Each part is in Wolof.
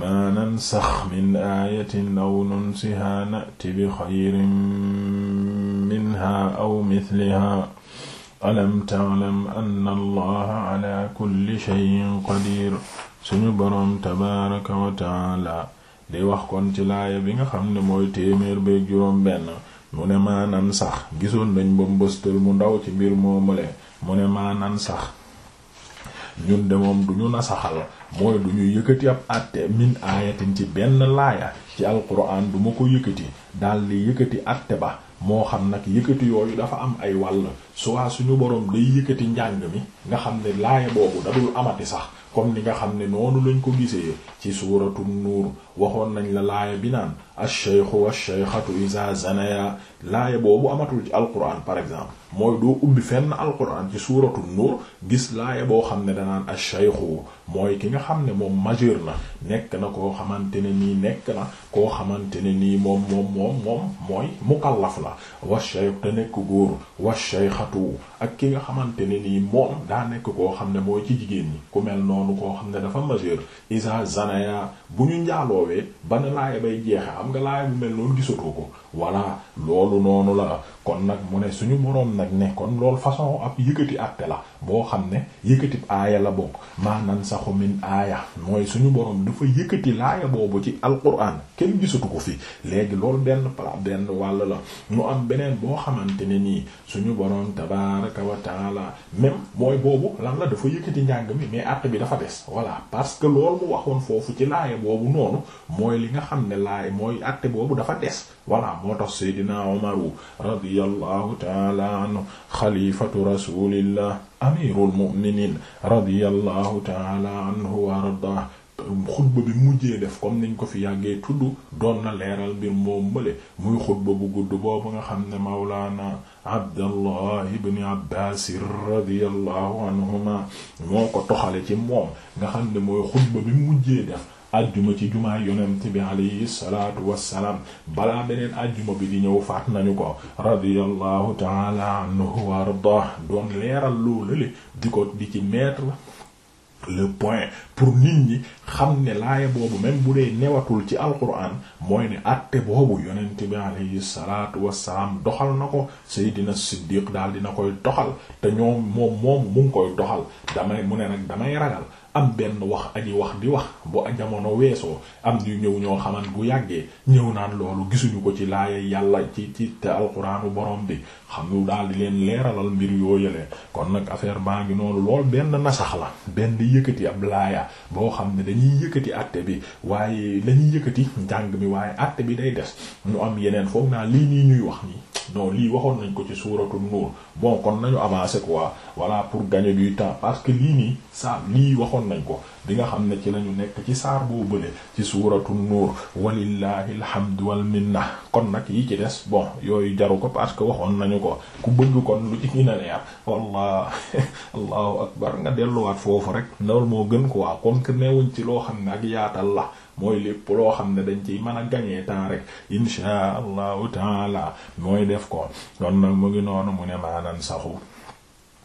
maa nansax min aayatin aw nunsihaa na'ti bi xayrin minhaa aw mislihaa alam ta'lam anna allaha ala kulli shay'in qadiir suñu boroom tabaaraka wa ta'aala di wax kon ci laaya bi nga xam ne mooy téeméer beeg juróom benn mu ne maa nansax gisoon nañ ba mu ndaw ci mbir moomale mu ne maa nansax ñun de moom du ñu nasaxal mooy du ñuy yëkkati ab àtte min aayatin ci benn laaya ci alquran du ma ko yëkkati daal di yëkkati àtte ba moo xam nag yëkkati yooyu dafa am ay wàll soit suñu borom day yëkkati njàng mi nga xam ne laaya boobu dadul amati sax comme ni nga xam ne noonu lañ ko gisee ci suuratu nuur waxoon nañ la laaya bi naan ash-shaykhu wash-shaykhatu iza zanaya laaya boobu amatul ci alquran par exemple mooy doo ubbi fenn alquran ci suuratu nuur gis laaya boo xam ne danaan a shaykhu mooy ki nga xam ne moom majeur na nekk na koo xamante ne nii nekk na koo xamante ne nii moom moom moom moom mooy mukallaf la wash-shaykh nekk góor mar'atu ak ki nga xamante ne nii moom daa nekk koo xam ne mooy ci jigéen ñi ku mel noonu koo xam ne dafa majeur isa zanaya bu ñu ba bana laaya bay jeexe xam nga laaya bu mel noonu gisatoo ko voilà loolu noonu la kon nag mu ne suñu moroom nag ne kon loolu façon ab yëkkati àtte la boo xam ne yëkkatib aaya la bokk maanan saxu min aaya mooy suñu borom dafa yëkkati laaya boobu ci alquran kenn gisatu ko fii léegi loolu benn pala benn wàll la mu am beneen boo xamante ne nii suñu borom tabaraka wa taala même mooy boobu lan la dafa yëkkati njàng mi mais àtt bi dafa des voilà parce que loolu mu waxoon foofu ci laaya boobu noonu mooy li nga xam ne laaya mooy àtt boobu dafa des voilà moo tax Seydina Umaru radiyallahu taala anhu amirul mu'minin radiyallahu taala anhu wa ardah xutba bi mujjee def comme niñ ko fi yàggee tudd doon na leeral mbir moom mbale muy xutba bu gudd boobu nga xam ne mawlaana abdallah ibni abbaas radiyallahu anhuma moo ko toxale ci moom nga xam ne mooy xutba bi mujjee def ajjuma ci jumaa yonent bi alayhi salaatu wassalaam balaa beneen ajjuma bi di ñëw faat nañu ko radiyallahu taala anhu wa ardah doon leeral loolu le di ko di ci mettre le point pour nit ñi xam ne laaya boobu même bu dee newatul ci alquran mooy ne àtte boobu yonent bi alayhi salaatu wassalaam doxal na ko Seydina Siddiq daal dina koy doxal te ñoom moom moom mu ngi koy doxal damay mu ne nag damay ragal am benn wax aji wax di wax bu jamono weesoo am ñu ñëw ñoo xamant bu yàggee ñëw naan loolu gisuñu ko ci laaya yàlla ci ci te alquraanu borom bi xam lu daal di leen leeralal mbir yoo yëlee kon nag affaire baa ngi noonu lool benn la benn boo xam ne dañuy yëkkati àtte bi waaye dañuy yëkkati njàng mi waaye àtte bi day des nu am yeneen foog naa lii nii ñuy wax nii non lii waxoon nañ ko ci suuratul nuur bon kon nañu avancer quoi voilà pour gagner du temps parce que lii nii ça lii waxoon nañ ko bi nga xam ne ci lañu nekk ci saar boo bële ci suuratu nuur walillahi alhamdu wal minna kon nag yi ci des bon yooyu jaru ko parce que waxoon nañu ko ku bëgg kon lu ci gën a leer wallah allahu akbar nga delluwaat foofu rek loolu moo gën ko waa comme que neewuñ ci loo xam ne ak yaatal la mooy lépp loo xam ne dañ ciy mën a gagner temps rek insha allahu taala mooy def ko kon nag mu ngi noonu mu ne maanan saxu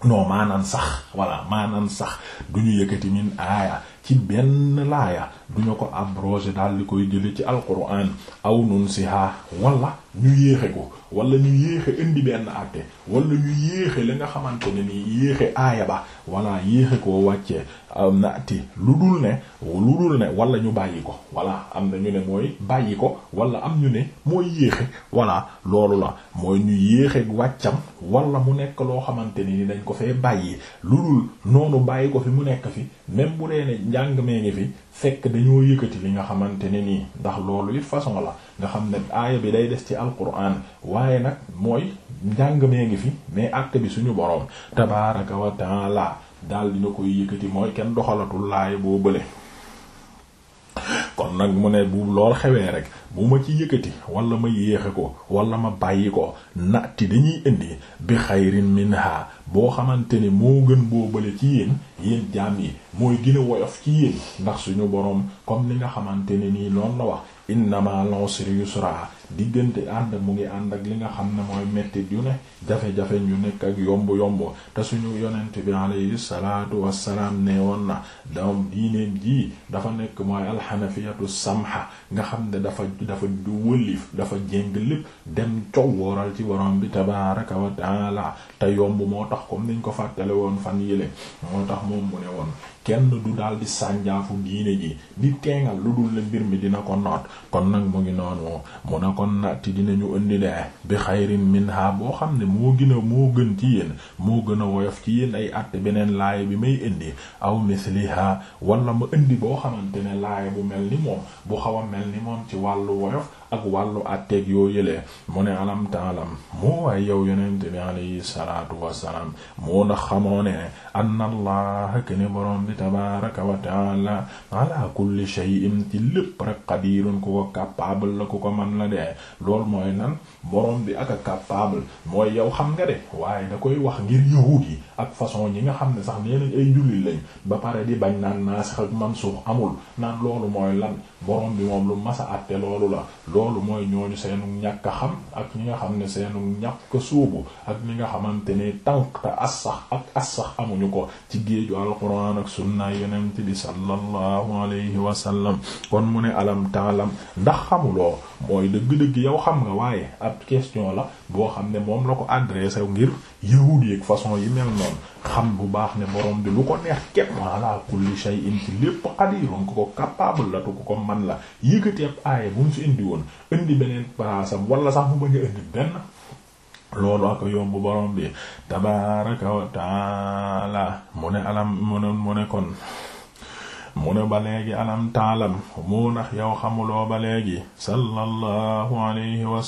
non maanaan sax voilà maanaan sax du ñu yëkkati min aaya ah, ci benn laaya duñu ko abrogé daal di koy jële ci alquran aw nun si ha wala ñu yéexe ko wala ñu yéexe indi benn àtte wala ñu yéexe li nga xamante ne ni yéexe aaya ba wala yéexe koo wàccee am na ati lu dul ne lu dul ne wala ñu bàyyi ko wala am na ñu ne mooy bàyyi ko wala am ñu ne mooy yéexe wala loolu la mooy ñu yéexe wàccam walla mu nekk loo xamante ne ni dañ ko fee bàyyi lu dul noonu bàyyi ko fi mu nekk fi même bu dee ne njàng mee ngi fi fekk dañoo yëkkati li nga xamante ne nii ndax loolu it façon la nga xam ne aaya bi day des ci alquran waaye nag mooy njàng mee ngi fi mais acte bi suñu boroom tabaaraka wa taala daal dina koy yëkkati mooy kenn doxalatul laay boo bële kon nag mu ne buub lool xewee rek bu ma ci yëkkati wala ma yéexe ko wala ma bàyyi ko natti dañuy indi bi xayrin minha boo xamante ne moo gën boo bale ci yéen yéen jaam yi mooy gën a woyof ci yéen ndax suñu boroom comme li nga xamante ne nii loon la wax innama al usri yusra diggante ànd mu ngi ànd ak li nga xam ne mooy mettit yu ne jafe-jafe yu nekk ak yomb-yomb te suñu yonent bi alayhi salaatu wassalaam ne woon na doom diineem ji dafa nekk mooy alxanafiyatu samha nga xam ne dafa dafa du wëlif dafa jéng lépp dem cow ci borom bi te yomb moo tax comme niñ ko fàttale woon fan yile moo tax moom mu ne woon kenn du daal di sànjaafu diine ji di teengal lu dul le mbir mi dina ko noot kon nag mu ngi noonu mu na kon natti dinañu indi de bi xayrin minha boo xam ne moo gën a moo gën ci yéen moo gën a woyof ci yéen ay àtte beneen laaya bi may indi aw misliha walla ma indi boo xamante ne laaya bu mel ni moom bu xaw a mel ni moom ci wàllu woyof ak wàllu àtteeg yoo yëlee mu ne alam moo waaye yow yonent bi alayhi salaatu wassalaam moo ndax xamoo ne anna allah kene borom bi tabaraka wa taala ala kulli ci lépp rek qadirun ku ko capable la ku ko man na de loolu mooy nan borom bi ak a capable mooy yow xam nga de waaye da koy wax ngir yahuud yi ak façon yi nga xam ne sax nee ay jullit lañ ba pare di bañ naan naasix ak mansuux amul naan loolu mooy lan borom bi moom lu masa loolu mooy ñooñu seenu ñàkk a xam ak ñi nga xam ne seenu ñàkk a sóobu ak ñi nga xamante ne tànk te as sax ak as sax amuñu ko ci géeju alquran ak sunna yonent bi sallallahu alayhi wa sallam kon mu ne alam taalam ndax xamuloo mooy dëgg-dëgg yow xam nga waaye ab question la boo xam ne moom la ko adressé ngir yahuudi ak façon yi mel noonu xam bu baax ne borom bi lu ko neex képp ala la tu ko man la yëkkati ab wala sax mu bañ a indi benn loolu ak yomb borom bi tabaraka wa mu ne alam mu ne mu ne kon mu ne ba léegi alam taalam mu ndax yow xamuloo ba léegi sallallahu alayhi wa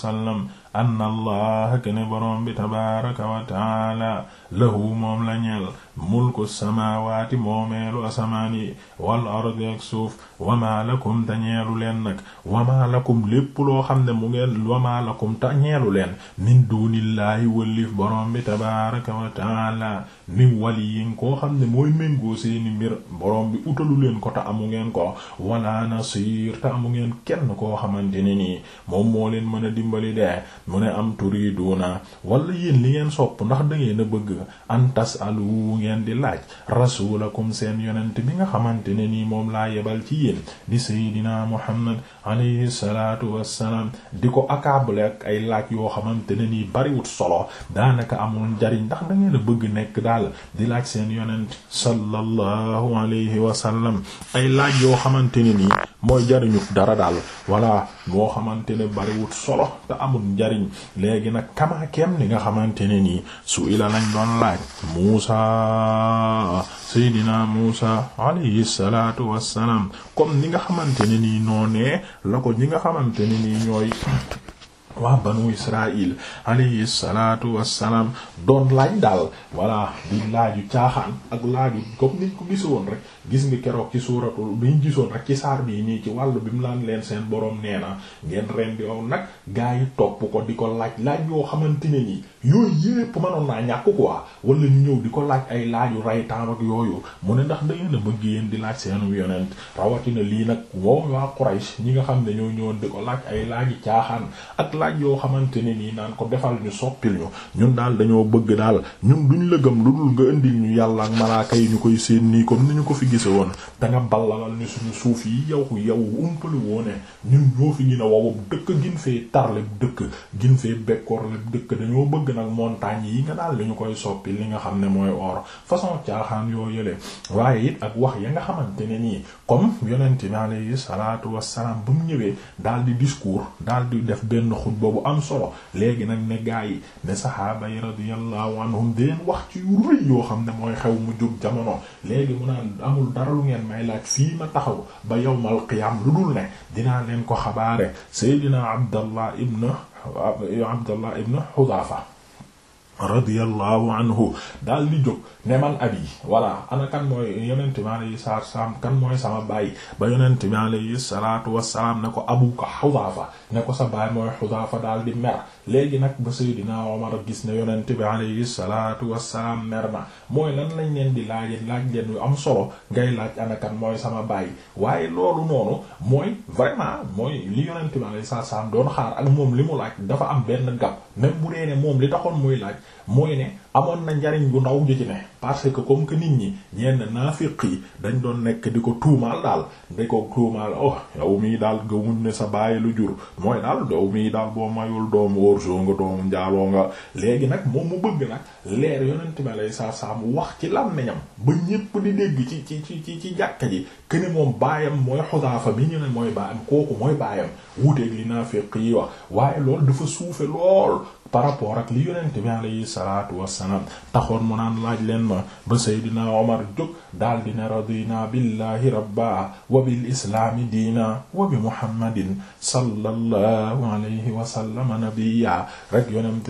anna allah kene boroom bi tabaaraka wa taala lahu moom la ñeel mulku samaawaati moomeelu asamaan yi wal ardi ak suuf wamaa lakum te ñeelu leen nag wamaa lakum lépp loo xam ne mu ngeen wamaa lakum te ñeelu leen min duunillaahi wëllif boroom bi tabaaraka wa taala min waliyin koo xam ne mooy méngoo seeni mbir borom bi utalu leen ko te amu ngeen ko wala nasir te amu ngeen kenn koo xamante ne nii moom moo leen mën a dimbali de mu ne am turiduna wala yéen li ngeen sopp ndax da ngeen a bëgg an tasalu ngeen di laaj rasulakum seen yonent bi nga xamante ne nii moom laa yebal ci yéen di saydina muhammad alayhi salaatu wassalaam di ko accabler ak ay laaj yoo xamante ne nii bariwut solo daanaka amul njariñ ndax da bëgg nekk daal Sénégal di laaj seen yonent sallallahu alayhi wa sallam ay laaj yoo xamante ne nii mooy jariñu dara daal voilà boo xamante ne bariwut solo te amul njariñ léegi nag kamaakeem li nga xamante ne nii su ila lañ doon laaj Muusa Seydina Muusa alayhi salaatu wassalaam comme ni nga xamante ne nii noonee la ko ñi nga xamante ne nii ñooy waa banu israil alayhi salatu wassalaam doon laaj daal voilà di laaju caaxaan ak laaju comme niñ ko gis woon rek gis nga keroog ci suuratul bi ñu gisoon rek ci saar bii nii ci wàllu bi mu laan leen seen boroom nee na ngeen rendi yow nag gaa yi topp ko di ko laaj laaj yoo xamante ne nii yooyu yépp mënoon naa ñàkk quoi wala ñu ñëw di ko laaj ay laaju raytaam ak yooyu mu ne ndax da ngeen bëgg yéen di laaj seen yonent rawatina lii nag woo waa ñi nga xam ne ñoo ñëwoon di ko laaj ay laaji caaxaan laaj yoo xamante ne nii naan ko defal ñu soppil ñu ñun daal dañoo bëgg daal ñun duñ la lu dul nga indil ñu yàlla ak malaaka yi ñu koy seen nii ko ni ñu ko fi gise woon da nga ballalal ni suñu suuf yi yow yow umpalu woone ñun ñoo fi gën a wowub dëkk gin fee tarleb dëkk gin fee bekkoorleb dëkk dañoo bëgg nag montagne yi nga daal li ñu koy soppi li nga xam ne mooy or façon caaxaan yoo yële waaye it ak wax ya nga xamante ne nii comme yonent bi alayhi salaatu wassalaam bu mu ñëwee dal di discours daal di def benn xu xutba bu am solo léegi nag ne gaa yi ne saxaaba yi radiyallahu anhum di leen wax ci yu rëy yoo xam ne mooy xew mu jóg jamono léegi mu naan amul dara lu ngeen may laaj fii ma taxaw ba yawmal qiyaam lu dul ne dinaa leen ko xabaare Seydina Abdallah ibn Abdallah ibn Hudaafa radiyallahu anhu daal di jóg ne man abi voilà ana kan mooy yonent bi alayhi salaatu wassalaam kan mooy sama baay ko abuka Xudaafa sa baay mooy Xudaafa daal di mer léegi nag ba Seydina Omar gis ne yonent bi alayhi salaatu wassalaam mer na leen di laaj laaj leen yu am solo ngay laaj ana kan mooy sama baay waaye loolu noonu mooy vraiment mooy li yonent bi alayhi salaatu doon xaar ak moom li mu laaj dafa am benn gàpp même bu dee ne moom li taxoon muy laaj. mooy ne amoon na njariñ bu ndaw ju ci ne parce que comme que nit ñi ñenn naafiq yi dañ doon nekk di ko tuumaal daal di ko tuumaal oh yow mii daal gëmuñ ne sa bàyyi lu jur mooy daal yow mii daal boo mayul doom wóor soo nga doomu njaaloo nga léegi nag moom mu bëgg nag leer yonent ma saa saa mu wax ci làmmiñam ba ñépp di dégg ci ci ci ci ci jàkka ji këne moom baayam mooy xudaafa mi mooy baayam kooku mooy baayam wuuteeg li naafiq yi wax waaye loolu dafa suufe lool par rapport ak li yonent bi alayhi salaatu wassalaam taxoon mu naan laaj leen ma ba Seydina Omar jóg daal di ne radina billahi rabba wa bil islaami diina wa bi muhammadin sallallahu alayhi wa sallam nabiyya rek yonent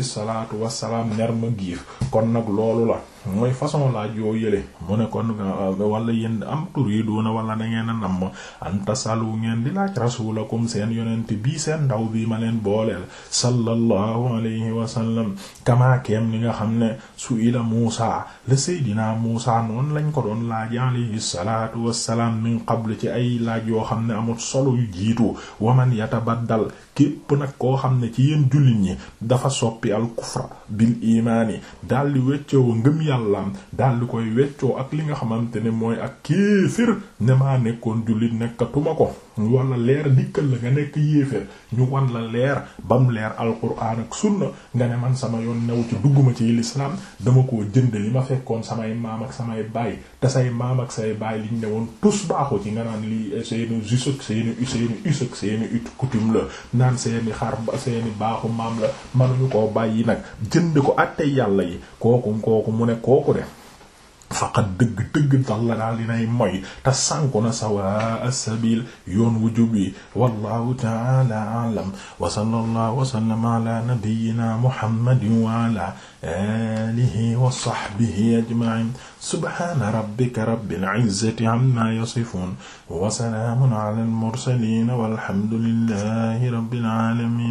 salaatu wassalaam ner ma giif kon nag loolu la mooy façon laaj yoo yële mu ne kon wala yéen am turiduuna wala da ngeen a namm antasalu ngeen di laaj rasulakum seen yonent bii seen ndaw bi ma leen booleel sallallahu alayhi wa sallam kamaakeem ni nga xam ne su ila Muusa la Seydina Muusa noonu lañ ko doon laaj alayhi salaatu wassalaam min qabl ci ay laaj yoo xam ne amul solo yu jiitu waman yatabaddal képp nag koo xam ne ci yéen jullit ñi dafa soppi al kufra bil imaani daal di weccoo ngëm yàllaam daal koy weccoo ak li nga xamante ne mooy ak kéefër ne maa nekkoon jullit nekkatuma ko wala leer dikkal la nga nekk yéeféer ñu wan la leer bam leer alquran ak sunna nga ne man sama yoon new ci dugguma ci lislaam dama ko jënd li ma fekkoon samay maam ak samay baay te say maam ak say baay liñ ne woon tous baaxu ci nga naan lii seeni jus ak seeni seeni us ak seeni ut coutume la naan seeni xar seeni baaxu maam la manuñu koo bàyyi nag jënd ko àttey yàlla yi kooku kooku mu ne kooku def faqat dëgg dëgg dalla daal dinay moy te sànku na sawa as-sabil yoon wu jub wi wallahu ta'ala a'lam wa sallallahu wa sallama ala nabiyyina muhammadin wa ala alihi wa sahbihi ajma'in subhana rabbika rabbil izzati amma yasifun wa salamun ala al-mursalin walhamdulillahi rabbil alamin